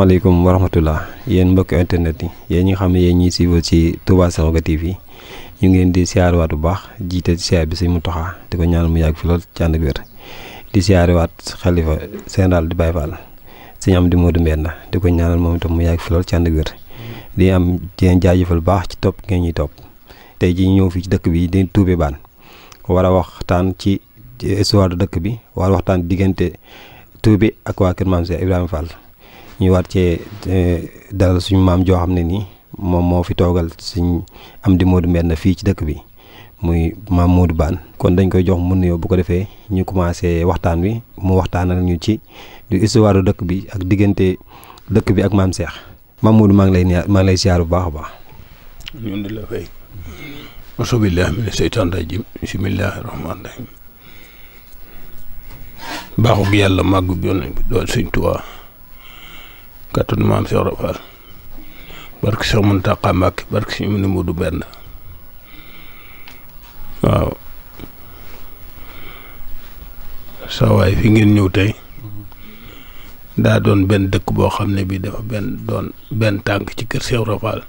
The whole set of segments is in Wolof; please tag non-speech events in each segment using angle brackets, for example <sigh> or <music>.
maaleykum wa rahmatulah yéen mbokk internet yi yéen ñi xam ne yéen ñuy suivre ci Touba Sekhawgui TV ñu ngi leen di siyaarewaat bu baax jiite ci siyaar bi Sëñ di ko ñaan mu yàgg fi lool ci di siyaarewaat xalifa général di Baye Fall sëñ Amdi Modou di ko ñaanal moom itam mu yàgg fi lool ci ànd ak di am di leen lu baax ci topp ngeen ñuy topp tey ji ñëw fii ci dëkk bi di Toubé Bane war a waxtaan ci histoire dëkk bi war waxtaan diggante Toubé ak waa kër Maam Cheikh Ibrahima ñu war cee eh, dalal suñu maam joo xam ne nii moom moo fi toogal suñ am di Modou na fii ci dëkk bi muy maam moodu Bane kon dañ koy jox mu nuyoo bu ko defee ñu commencé waxtaan wi mu waxtaanal ñu ci du histoire dëkk bi ak diggante dëkk bi ak maam Cheikh maam Modou maa ngi lay nuyu maa ngi lay baax a baax. ñun di la fay. asobillahi mina seytaan yàlla màgg bi yoon nañ ko doon Sëñ Tuubaa kàttanu maam Cheikh Ibra Fall barke Cheikh Mountakha Mbacké barke ni mu du benn waaw sawaay fi ngeen ñëw tey daa doon benn dëkk boo xam ne bii dafa benn doon benn tànk ci kër Cheikh Ibra Fall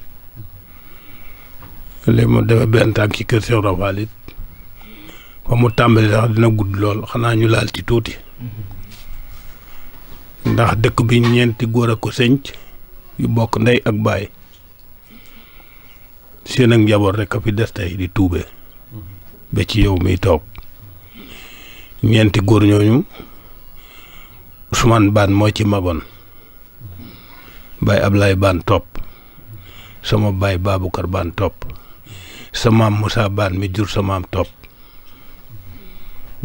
léegi mu dafa benn tànk ci kër Cheikh fa mu tàmbali sax dina gudd lool xanaa ñu laal ci tuuti. ndax dëkk bi ñeenti góor a ko sënc yu bokk ndey ak baay seen ak njaboot rek a fi des tey di tuube ba ci yow miy toog ñeenti góor ñooñu Ousmane Baan moo ci maboon Baye Ablaye Baan topp sama baay Baabukar Baan topp sama maam Moussa Baan mi jur sama maam topp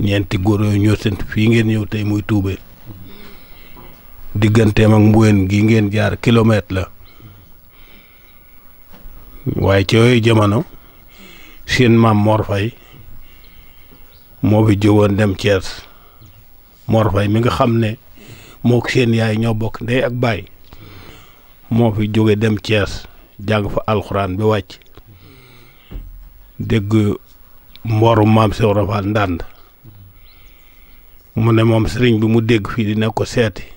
ñeenti góor yooyu ñoo sent fii ngeen yow tey muy tuube digganteem ak mbuween gi ngeen jaar kilomètre la waaye ci yooyu jamono seen maam Mor moo fi jógoon dem Thiès Mor Faye mi nga xam ne mook seen yaay ñoo bokk ndey ak baay moo fi jóge dem Thiès jàng fa alxuraan bi wàcc dégg mbooru maam Sew Rafal ndànd mu ne moom sëriñ bi mu dégg fii dina ko seeti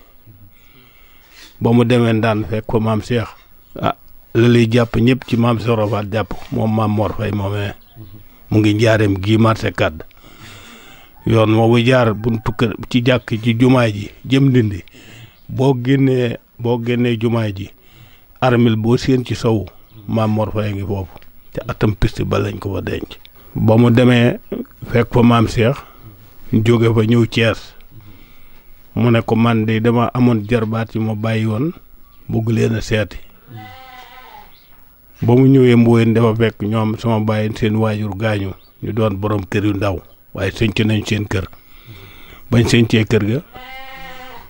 ba mu demee ndaan fekk ko maam Cheikh a ah, la jàpp ñëpp ci maam Cheikh Rafaat jàpp moom maam Mor moomee mu ngi njaareem gii marché kàdd yoon boobu jaar buntu kër ci jàkk ci jumaa ji jëm dindi boo génnee boo génnee jumaay ji armil boo séen ci sow maam Mor ngi foofu te atam piste ba lañ ko fa denc. ba mu demee fekk fa maam Cheikh jóge fa ñëw Thiès. mu ne ko man de dama amoon jarbaat yu ma bàyyi woon bëgg leen a seeti ba mu ñëwee mbooyeen dafa fekk ñoom sama bàyyi seen waajur gaañu ñu doon boroom kër yu ndaw waaye sënc nañ seen kër bañ sëñcee kër ga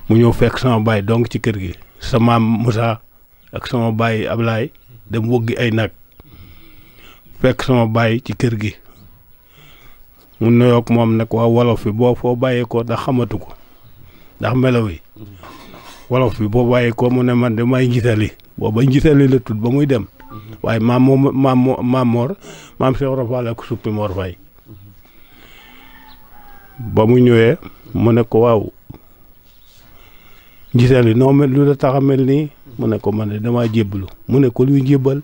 mu ñëw fekk sama bàyyi donc ci kër gi sa maam Moussa ak sama bàyyi Ablaye dem wëggi ay nag fekk sama bàyyi ci kër gi mu nuyoog moom ne waa wolof bi boo foo bàyyee ko ndax xamatu ko ndax melaw yi wolof bi bo waye ko mo ne man de may bo ba njiitali la tudd ba muy dem waaye maam mam maam maam moor maam Cheikh la ko suppi mor fay ba mu ñëwee mo ne ko waw njiitali no mel lu tax a mo ne ko man de damaa jébbalu mo ne ko lu jébbal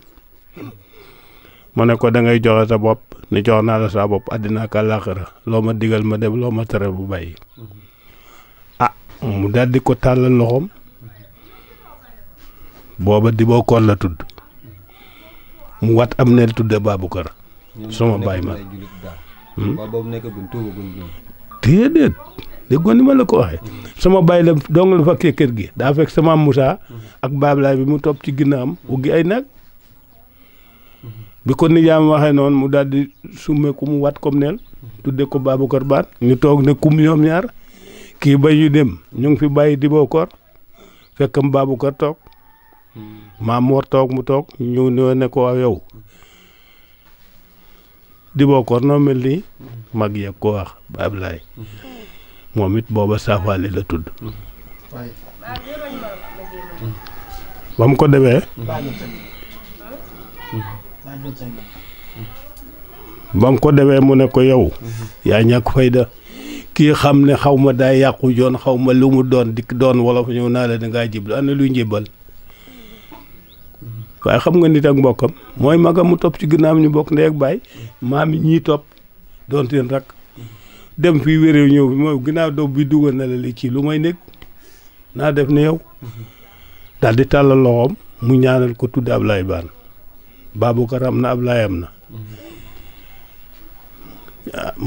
mo ne ko da ngay joxe sa bop ni jox la sa bop adina ka àllaaxira loo ma digal ma dem loo ma tere bu bàyyi mu daal di ko tàllal loxoom booba di boo koon la tudd mu wat am ne tudd Baabukar sama baay ma hmm? déedéet déggoon ni ma la ko waxee suma baay la dong la kër gi daa fekk sama Moussa ak Baablaay bi mu toog ci ginnaawam uggi ay nag bi ko ni jaam waxee noonu mu daal di summe ku mu wat comme neel tudde ko Baabukar baat ñu toog ne kum ñoom ñaar kii ba ñu dem ñu ngi fi bàyyi Dibokor fekkam Baabukar toog maam war toog mu toog ñu ne ko waaw yow Dibokor noo mel nii mag yeeg ko wax ba moom it booba saafaale la tudd ba ko demee ba ko demee mu ne ko yow yaa ñàkk fayda kii xam ne xaw ma daay yàqu joon xaw ma lu mu doon dikk doon wolof ñëw naa la dangaa jiblu na luy njibal waaye xam nga nit ak mbokkam mooy magam mu topp ci ginnaaw ñu bokk ndey ak baay maam ñii topp doon seen rak dem fii wéréw ñëw fi mooy ginnaaw doom bi dugal na la li ci lu may nekk naa def ne yow daal di loxoom mu ñaanal ko tudd Ablaye Baan Baabukar am na Ablaye am na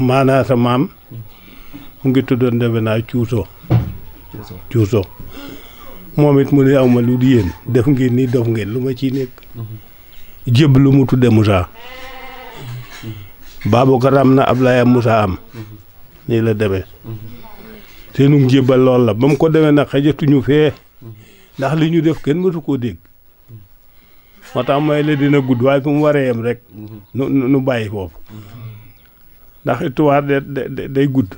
maanaa maam mu ngi tuddoon defe naa cuusoo cuusoo moom it mu ne awma lu di yéen def ngeen ni dof ngeen lu ma ciy nekk mhm. jëb lu mu tudde Moussa mhm. Babacar am na Ablaye am Moussa am mhm. nii la deme seenu njébal lool la ba mu ko demee na xajatuñu fee ndax li ñu def kenn mësu koo dégg moo tax may la dina gudd waaye fu mu waree yem rek nu nu bàyyi foofu ndax histoire day gudd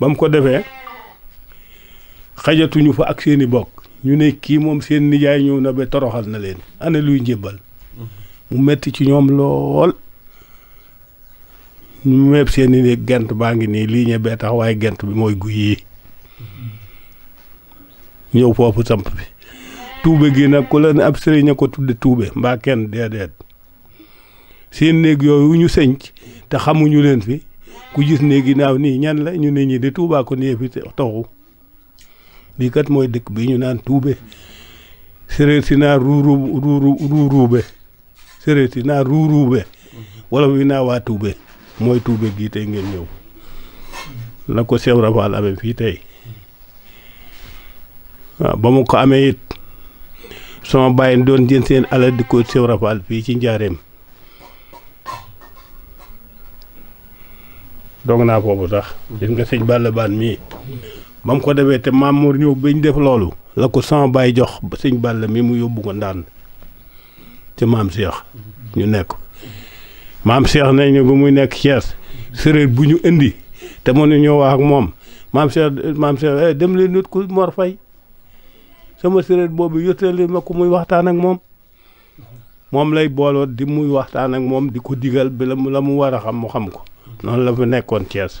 ba mu ko defee xajatuñu fa ak seeni bokk ñu ne kii moom seen nijaay ñëw na ba toroxal na leen ana luy njébbal mu metti ci ñoom lool ñu meeb seen i gent baa ngi nii lii ñe tax waaye gent bi mooy guy yi ñëw foofu samp bi tuube gi nag ku la ne ab sëriñ a ko tudde tuube mbaa kenn déedéet seen néeg yooyu ñu senc te xamuñu leen fi ku gis ne ginnaaw nii ñan la ñu ne ñi di Touba ko nii fi taxu lii kat mooy dëkk bi ñu naan tuube séréer si naa ruuru ruuruube séréer si naa ruuruube wala wi naa waa tuube mooy tuube gii tey ngeen ñëw la ko Seex Ibra Faal amee fii tey waaw ba mu ko amee it sama bàyyi doon jën seen alal di ko Seex Ibra Faal fii ci njaareem doog naa boobu sax. gis nga sëñ Balla Baan mii. ba mu ko defee te maam Mor ñëw bañ def loolu. la ko sama baay jox ba sëñ Balla mii mu yóbbu ko ndaan te maam Cheikh. ñu nekk maam Cheikh nañ ne ba muy nekk Thiès. séréer bu ñu indi te mënuñoo wax ak moom maam Cheikh maam Cheikh eh, dem leen nit ku Mor Fay sama séréer boobu yotteel leen ma ku muy waxtaan ak moom. moom lay booloot di muy waxtaan ak moom di ko digal bi la mu la mu war a xam mu xam ko. noonu la fa nekkoon Thiès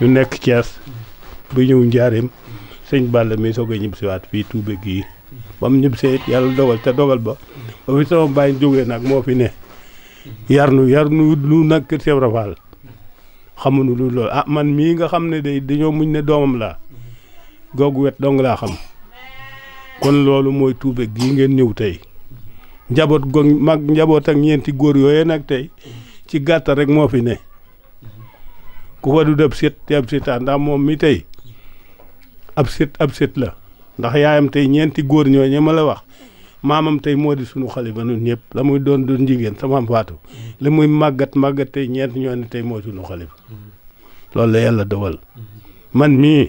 ñu nekk Thiès bu ñëw njaarim sëñ Balla mi soog a ñibbisiwaat fii Tuubé gii ba mu ñibbisee yàlla dogal te dogal ba ba fi sama bàyyi jógee nag moo fi ne yarnu yarnu lu nag kër Cheikh Rafal xamuñu lu loolu ah man mii nga xam ne day dañoo muñ ne doomam laa googu wet dong laa xam kon loolu mooy Tuubé gii ngeen ñëw tey njaboot goog mag njaboot ak ñeenti góor yooyee nag tey ci gàtta rek moo fi ne ku fa du dëb sit te ab moom mi tey ab sit ab sit la ndax yaayam tey ñeenti góor ñoo ñe ma la wax maamam tey moo di sunu xalifa nun ñëpp la muy doon doon jigéen sama faatu li muy màggat màggat tey ñeent ñoo ne tey moo sunu xalifa loolu la yàlla dogal man mii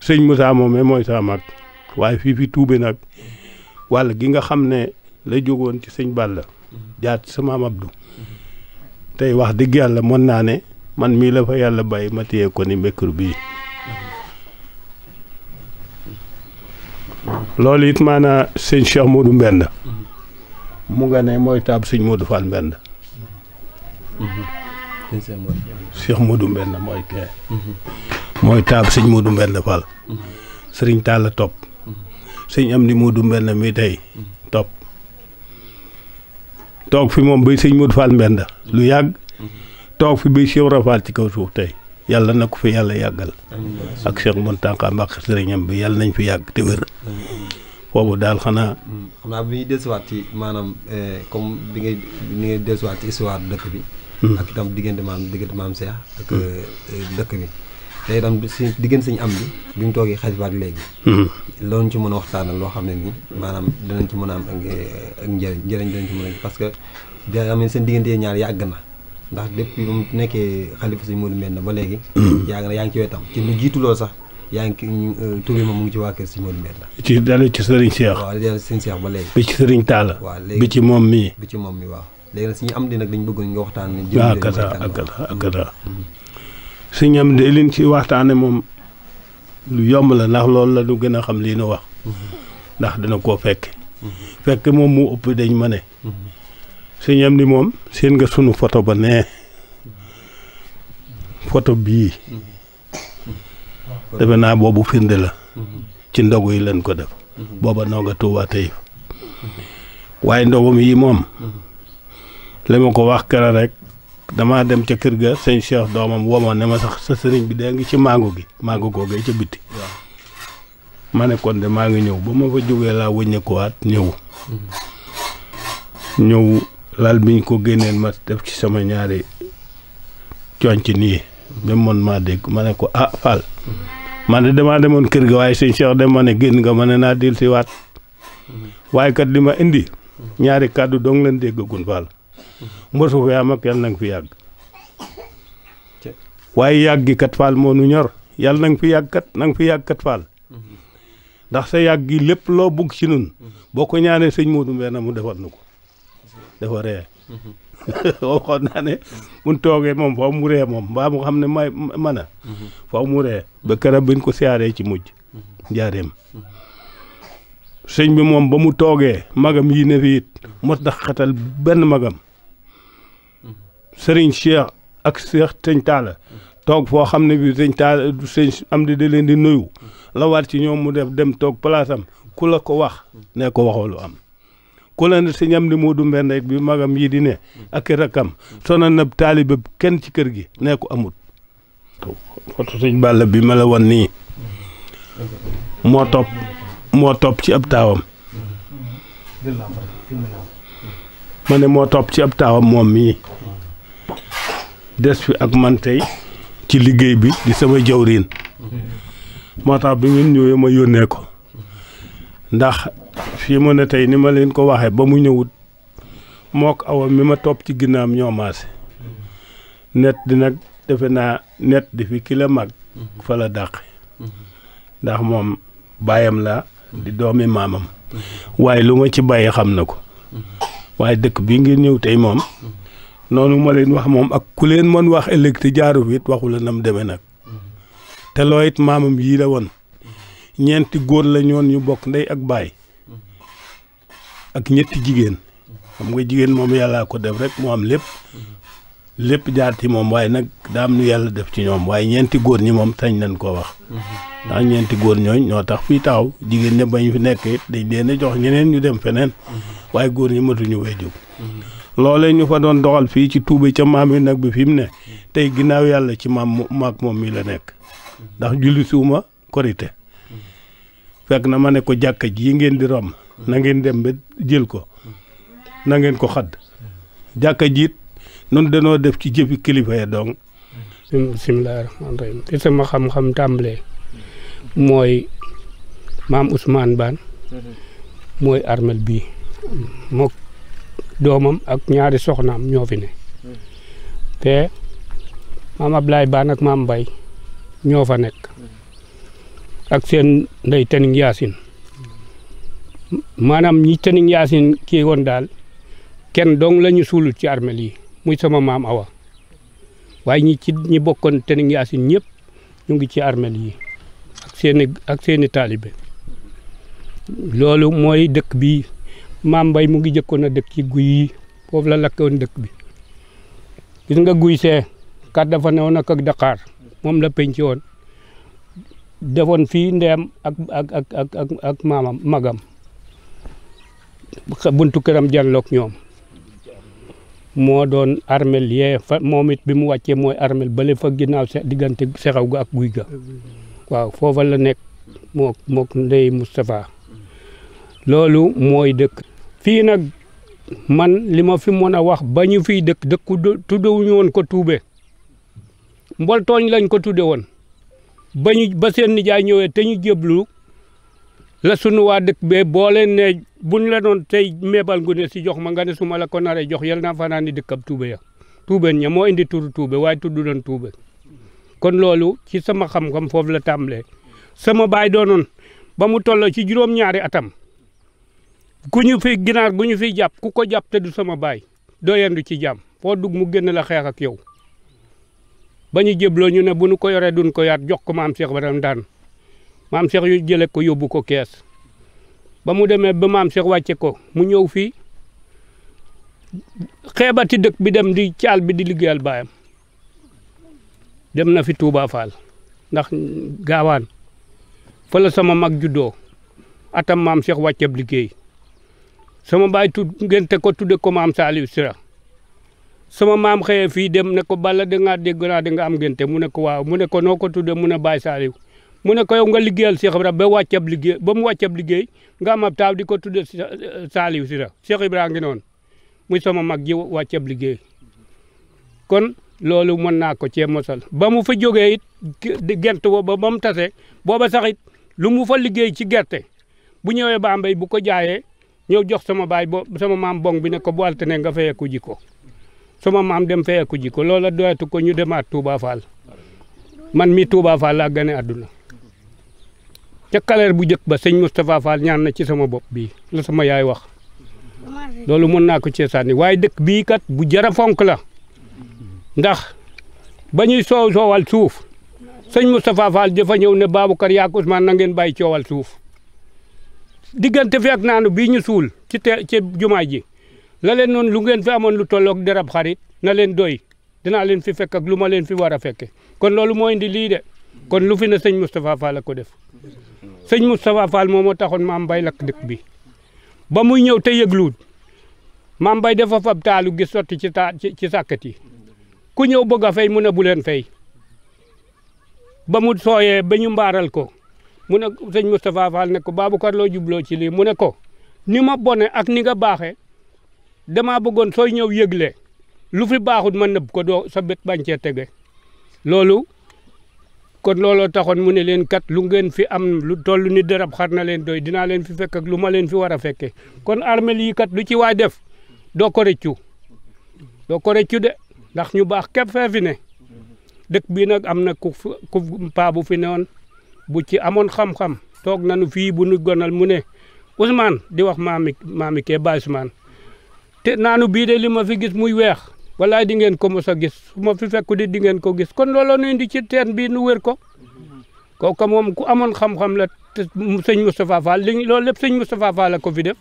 sëñ Moussa moome mooy saa mag waaye fii fi tuube nag walla gi nga xam ne la jógoon ci sëñ Balla jaat sama maam Abdou tey wax dëgg yàlla mën naa ne man mii la fa yàlla bàyyi ma téye ko ni micro bii loolu it maanaa sëñ Cheikh Modou Mbend mu nga ne mooy taab sëñ Modou Fall Mbend Cheikh Modou Mbend mooy kee mooy taab sëñ Modou Mbend Fall sëriñ Talla Top sëñ Amdi Modou Mbend mi tey toog fi moom bay sëñ Modou Fall mbend lu yàgg toog fi bay Cheikh Rafaal ci kaw suuf tey yàlla na ko fi yàlla yàggal ak Cheikh Mountakha Mbacké sëriñam bi yàlla nañ fi yàgg te wér xanaa xanaa bi ñuy dellusiwaat ci maanaam eh, comme bi ngay bi ngay dellusiwaat ci histoire dëkk bi hmm. ak itam diggante maam diggante maam Cheikh ak eh, dëkk bi te itam si diggante sañu am bi bi mu toogee xaj baak léegi hmm. loolu ci mën a waxtaanal loo xam ne nii maanaam danañ ci mën a am ak njëriñ njëriñ danañ ci parce que da am seen ñaar yàgg na ndax depuis mu nekkee xalifa sañ Modou Mbène ba léegi hmm. yàgg na ngi ci wetam ci lu jiitu sax yaa ngi euh, tubi ma mu ngi ci waa kër si Modou Mbène ci dalee ci sëriñ Cheikh waaw dalee sëriñ Cheikh ba léegi bi ci sëriñ Talla waaw léegi bi ci moom mii bi ci moom mi waaw léegi nag suñu am di nag dañ bëgg nga waxtaan ne jëkkata akata akata su ñam de liñ ci waxtaane moom lu yomb la ndax loolu la du gën a xam lii nu wax ndax dina koo fekk fekk moom mu ëpp dañ ma ne su ñam di moom seen nga sunu photo ba nee photo bii defe naa boobu firnde la ci ndogu yi lañ ko def booba noo nga tuubaa tey waaye ndogum yi moom li ma ko wax kera rek damaa dem ca kër ga sëñ Cheikh doomam woma ne ma sax sa sëriñ bi dee ngi ci mango gi mango googee ca bitti. ma ne kon de maa ngi ñëw ba ma fa jógee laa wëññeekuwaat ñëw. ñëw lal biñ ko génneel ma def ci sama ñaari conc nii. ba man maa dégg ma ne ko ah Fall. man de damaa demoon kër ga waaye sëñ Cheikh dem ma ne génn nga ma ne naa dellusiwaat. Mm. waaye kat li ma indi. ñaari kàddu dong leen déggagun Fall. mbosu ko yaam ak yàlla na fi yàgg waaye yàggi kat faal moo nu ñor yàlla na fi yàgg kat na fi yàgg kat faal ndax sa yàgg gi lépp loo bugg ci nun boo ko ñaanee sëñ Modou Mbène mu defal nu ko dafa ree <laughs> waxoon mun toogee moom mbaa mu xam ne may faw mu ree ba keroog biñ ko siyaaree ci mujj njaareem sëñ bi moom ba mu toogee magam yi ne fi it mos na xatal benn magam serigne Cheikh ak Cheikh seigne Talla tok fo xamne bi seigne Talla du am di de len di nuyu la war ci ñom mu def dem tok place am ku ko wax ne ko waxo lu am ku la ne sëñ am di Moodu Mbend bi magam yi di ne ak rakam sona na talib ken ci kër gi ne ko amut foto seigne Balla bi mala won ni mo top mo top ci ab taawam mo ne ci ab taawam moom des bi ak man tey ci liggéey bi di sama jawriin moo tax bi ngeen ñëwee ma yónnee ko ndax fii man ne tey ni ma leen ko waxee ba mu ñëwut mook awa mi ma topp ci ginnaam ñoo maase net di nag defe naa net di fi ki la mag fa la dàq ndax moom baayam la di doomi maamam mm-hmm. waaye lu ma ci bàyyi xam na ko waaye dëkk bi ngeen ñëw tey moom noonu ma leen wax moom ak ku leen mën wax ëllëg te jaaru fi waxu la mu demee nag te loo maamam yii la woon ñeenti góor la ñoon ñu bokk ndey ak baay ak ñetti jigéen xam nga jigéen moom yàllaa ko def rek mu am lépp lépp jaar ci moom waaye nag daam nu yàlla def ci ñoom waaye ñeenti góor ñi moom sañ nañ koo wax ndax ñeenti góor ñooñ ñoo tax fii taxaw jigéen ña bañ fi nekk it dañ leen a jox ñeneen ñu dem feneen waaye góor ñi matuñu way jóg loolee ñu fa doon doxal fii ci tuuba ca maam yi nag bi fi mu ne tey ginnaaw yàlla ci maam maak moom mii la nekk ndax julli suuma korite fekk na ma ne ko jàkka ji yi ngeen di romb na ngeen jël ko na ngeen ko xadd jàkka jiit noonu danoo def ci jëfi kilifa ya dong bismillaahi rahmaani te sama xam-xam tàmbalee mooy maam Ousmane Baan mm-hmm. mooy armel bii doomam ak ñaari soxnaam ñoo fi ne te maam Ablaye Bane maam Mbaye ñoo fa nekk ak seen ndey Tening Yaasin maanaam ñi Tening Yaasin kii daal kenn dong la ñu suulut ci armel yi muy sama maam Awa waaye ñi ci ñi bokkon Tening Yaasin ñëpp ñu ngi ci armel yi ak seen ak taalibe loolu mooy dëkk bii maam Mbay mu ngi jëkkoon a dëkk ci guy yi foofu la lakkoon dëkk bi gis nga guy see kat dafa newoon ak ak Dakar moom la penc woon defoon fii ndeyam ak ak ak ak ak ak maamam magam buntu këram jàlloog ñoom moo doon armeel yee fa moom bi mu wàccee mooy armel bale fa ginnaaw se diggante sexaw ga ak guy ga waaw foofa la nekk mook mook ndey Moustapha loolu mooy dëkk fii nag man lima ma fi moon a wax ba ñu fiy dëkk dëkku tuddewuñu woon ko tuube mboltooñ lañ ko tudde woon ba ba seen nijaay ñëwee te ñu jéblu la sunu waa dëkk bee boo leen ne buñ la doon tey meebal ngu ne si jox ma nga ne su ma la ko naree jox yal naa fanaan ni dëkkab tuube ya tuubeen ña moo indi turu tuube waaye tudd doon tuube kon loolu ci sama xam-xam foofu la tàmbalee sama baay doonoon ba mu tollo ci juróom-ñaari atam kuñu fi ginaar gu fi japp ku ko japp te du sama bay, doo yendu ci jam fo dug mu genn la xex ak yow bañu jeblo ñu ne buñu ko yoré duñ ko yaat jox ko maam Cheikh baram daan maam Cheikh yu jele ko yobbu ko kees ba mu demee ba maam Cheikh wacce ko mu ñew fi xeebati dëkk bi dem di cial bi di liggéeyal bayam dem na fi Touba Fall ndax fa la sama mag judo, atam maam Cheikh wàcceb liggéey sama baay tu ngénte ko tudde ko maam Saliou Sira sama maam xëyee fii dem ne ko bala dangaa dégg naa da nga am ngénte mu ne ko waaw mu ne ko noo ko tudde mu ne Baay Saliou mu ne ko yow nga liggéeyal Cheikh Ibra ba wàccab liggéey ba mu wàccab liggéey nga am ab di ko tudde Saliou Sira Cheikh Ibra ngi noonu muy sama mag ji wàccab liggéey kon loolu mën naa ko cee mosal ba mu fa jógee it gent booba ba mu tase booba sax it lu mu fa liggéey ci gerte bu ñëwee Bambey bu ko jaayee ñëw jox sama bay bo sama mam bong bi ne ko bu nga jiko sama maam dem fayeeku jiko lola doyatu ko ñu demat Touba Fall man mi Touba Fall la gane aduna ca bu ba seigne mustapha Fall ñaan na ci sama bop bi la sama yaay wax loolu mën na ko ci sànni way dekk bi kat bu jara fonk la ndax bañuy soow soowal suuf seigne mustapha Fall dafa ñew ne kar yaak Ousmane na ngeen suuf diggante feeg naanu bii ñu suul ci te ci jumaa ji la leen noonu lu ngeen fi amoon lu tolloog derab xarit na leen doy dinaa leen fi fekk ak lu ma leen fi war a fekke kon loolu moo indi lii de kon lu fi ne sëñ Moustapha Fall a ko def sëñ Moustapha Fall moom moo taxoon maam Baye lakk dëkk bi ba muy ñëw te yëgluwut maam Baye dafa fab taalu gi ci taa ci sàkkat yi ku ñëw bëgg a fay mu ne bu leen fay ba mu sooyee ba ñu mbaaral ko mu ne sëñ Moustapha Fall ne ko Babacar loo jubloo ci lii mu ne ko ni ma bone ak ni nga baaxee damaa bëggoon sooy ñëw yëgle lu fi baaxut ma nëb ko doo sa bët bañ cee tege loolu kon lolo taxoon mu ne leen kat lu ngeen fi am lu toll ni dërab xar na leen doy dinaa leen fi fekk ak lu ma leen fi war a fekkee kon armel yi kat lu ci waay def doo ko rëccu doo ko rëccu de ndax ñu baax képp fee fi ne dëkk bii nag am na ku ku paa bu fi newoon bu ci amoon xam-xam toog nañu fii bu nu gonal mu ne Ousmane di wax maami maami kee Baye Ousmane te naanu bii de li ma fi gis muy weex walaay di ngeen ko mos a gis su ma fi fekku di di ngeen ko gis kon looloo nu indi ci teen bii nu wër ko ko kooka moom ku amoon xam-xam la te sëñ Moustapha Fall li loolu lépp sëñ Moustapha Fall ko fi def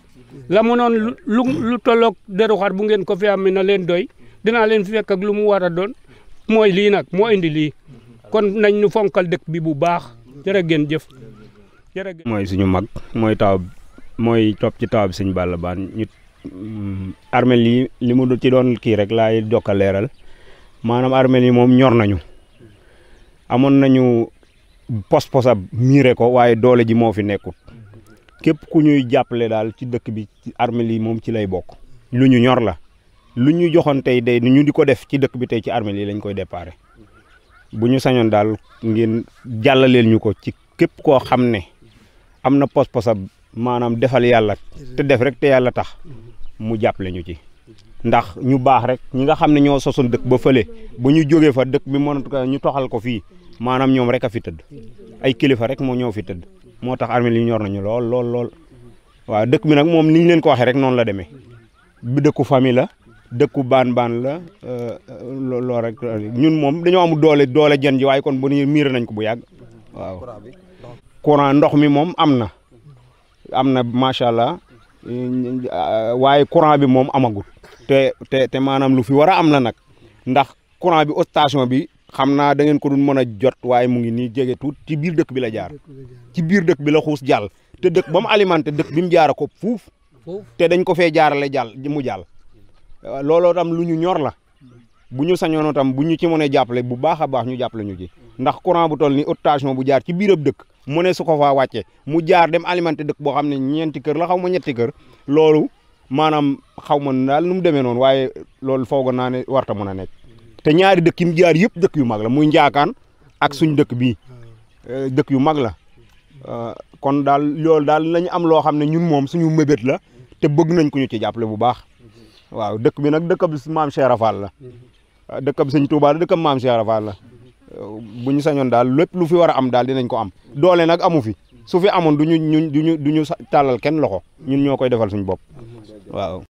la mu noon lu lu tolloog deru xar bu ngeen ko fi amee na leen doy dinaa leen fi fekk ak lu mu war a doon mooy lii nag moo indi lii kon nañ nu fonkal jërë ngeen jëf jërë ngeen mooy suñu mag mooy taw mooy topp ci taw bi sëñ Balla Baan ñu mm, armel yi li mu ci doon kii rek laay jokka leeral maanaam armel yi moom ñor nañu amoon nañu pos posa miire ko waaye doole ji moo fi nekkut képp ku ñuy jàppale daal ci dëkk bi armel yi moom ci lay bokk lu ñu ñor la lu ñu joxoon tey dey nu ñu di ko def ci dëkk bi tey ci armel yi lañ koy déparé bu ñu sañoon daal ngeen jàllaleel ñu ko ci képp koo xam ne am na pos-posab maanaam defal yàlla te def rek te yàlla tax mu jàppale ñu ci ndax ñu baax rek ñi nga xam ne ñoo sosoon dëkk ba fële bu ñu jógee fa dëkk bi mënatu ko ñu toxal ko fii maanaam ñoom rek a fi tëdd ay kilifa rek moo ñoo fi tëdd moo tax armée li ñor nañu lool lool lool waaw dëkk bi nag moom ni ñu leen ko waxee rek noonu la demee bi dëkku famille la dëkku baan baan la euh, euh, loolu rek ñun moom dañoo am doole doole jën ji waaye kon bu ñu miir nañ ko bu yàgg waaw. courant ndox mi moom am na am na macha allah euh, waaye courant bi moom amagul te te maanaam lu fi war am la nag ndax courant bi ostation bi xam naa da ngeen ko doon mën a jot waaye mu ngi nii jege tuut ci biir dëkk bi la jaar ci biir dëkk bi la xuus jàll te dëkk ba mu alimenté dëkk bi mu jaara ko fuuf te dañ ko fee jaarale jàll mu jàll. Euh, looloo tam lu ñu ñor la bu ñu sañoonoo tam bu ñu ci mënee jàppale bu baax a baax ñu jàppale ñu ci ndax courant bu toll ni otation bu jaar ci biirab dëkk mu ne su ko faa wàccee mu jaar dem alimenté dëkk boo xam ne ñeenti kër la xaw ma ñetti kër loolu maanaam xaw ma daal nu mu demee noonu waaye loolu foogoon naa ne warta mën a nekk te ñaari dëkk yi mu jaar yëpp dëkk yu mag la muy njaakaan ak suñ dëkk bii euh, dëkk yu mag la euh, kon daal loolu daal lañu am loo xam ne ñun moom suñu mébét la te bëgg nañ ko ñu ci jàppale bu baax waaw dëkk bi nag dëkkab maam Cheikh Rafal la mm-hmm. dëkkab sëñ Touba la dëkkab maam Cheikh Rafal mm-hmm. bu ñu sañoon daal lépp lu fi war a am daal dinañ ko am doole nag amu fi su fi amoon du ñu du ñu du ñu tàllal kenn loxo ñun ñoo koy defal suñu bopp mm-hmm.